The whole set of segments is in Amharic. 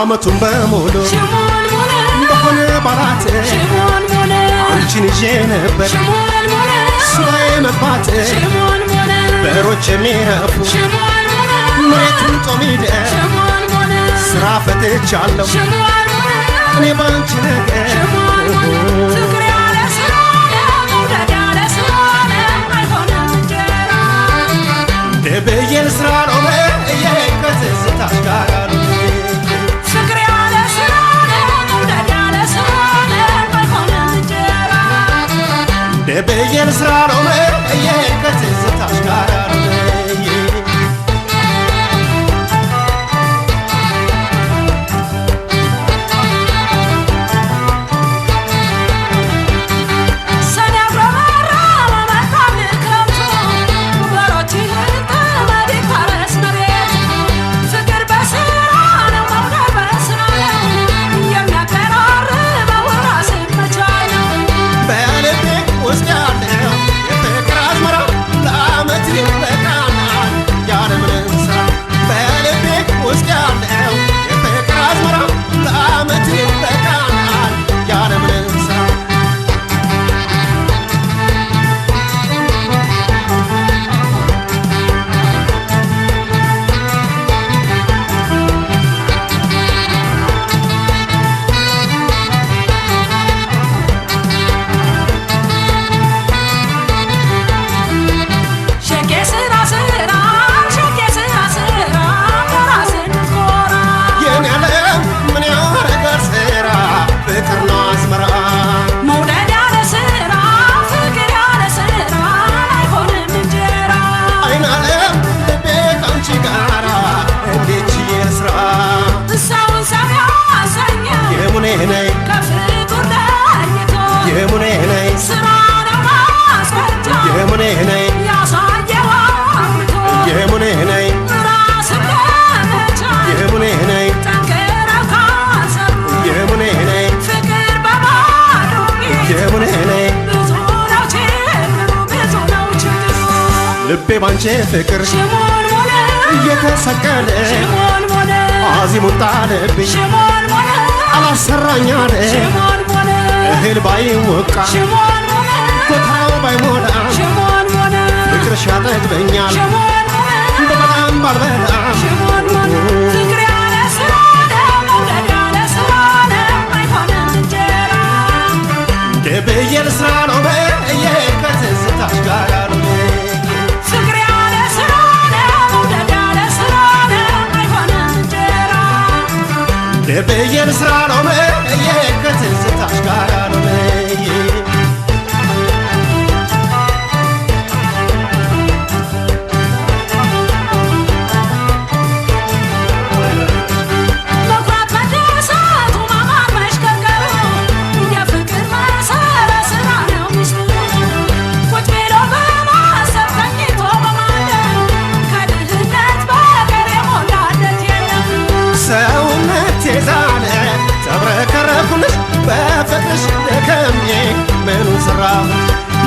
አመቱን በሙሉ በሆነ ባላት አንቺን ይዤ ነበር ሱባኤ መግባት በሮች የሚረፉ ኖየትን ጦሚደ ስራ ፈትቻለሁ እኔ ባንቺ ነገር የበየነ ስራ ነው መር በየቀት ዝታሽ ጋር የሙኔ ነይ የሙኔ ነይ የሙኔ ነይ የሙኔ ነይ የሙኔ ነይ የሙኔ ነይ ልቤ ባንቺ ፍቅር እየተሰቀለ አዚሙጣ ልብኝ አላሰራኛል እህል ባይወቃ ጎተራው ባይሞላ ፍቅርሽ ያጠግበኛል በጣም ባልበላ ብዬ ልስራ ነው ብዬ ከትዝታሽ ጋር ብዬ ልስራ ነው ብዬ ከትዝታሽ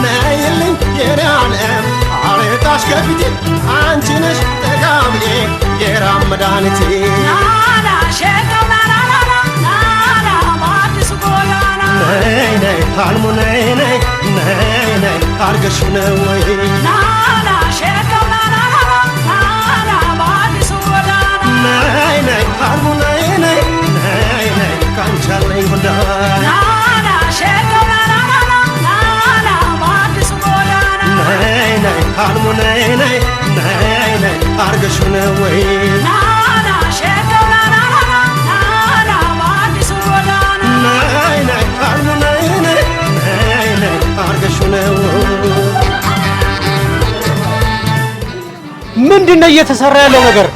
ነይልኝ የዳንኤል አለታሽ ከፊቴ አንቺ ነሽ ጠጋብኔ የራም መድኃኒቴ ነይ ነይ ታልሙ ነይ ነይ ነይ ነይ አርገሽ ነው ነይ ነይ ነይ ነይ አርገሽ ነው ወይ ምንድን ነው እየተሰራ ያለው ነገር?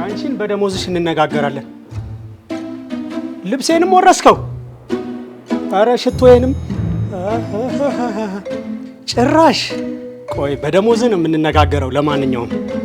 አንቺን በደሞዝሽ እንነጋገራለን። ልብሴንም ወረስከው። አረ ሽቶዬንም ጭራሽ ቆይ፣ በደሞዝን የምንነጋገረው። ለማንኛውም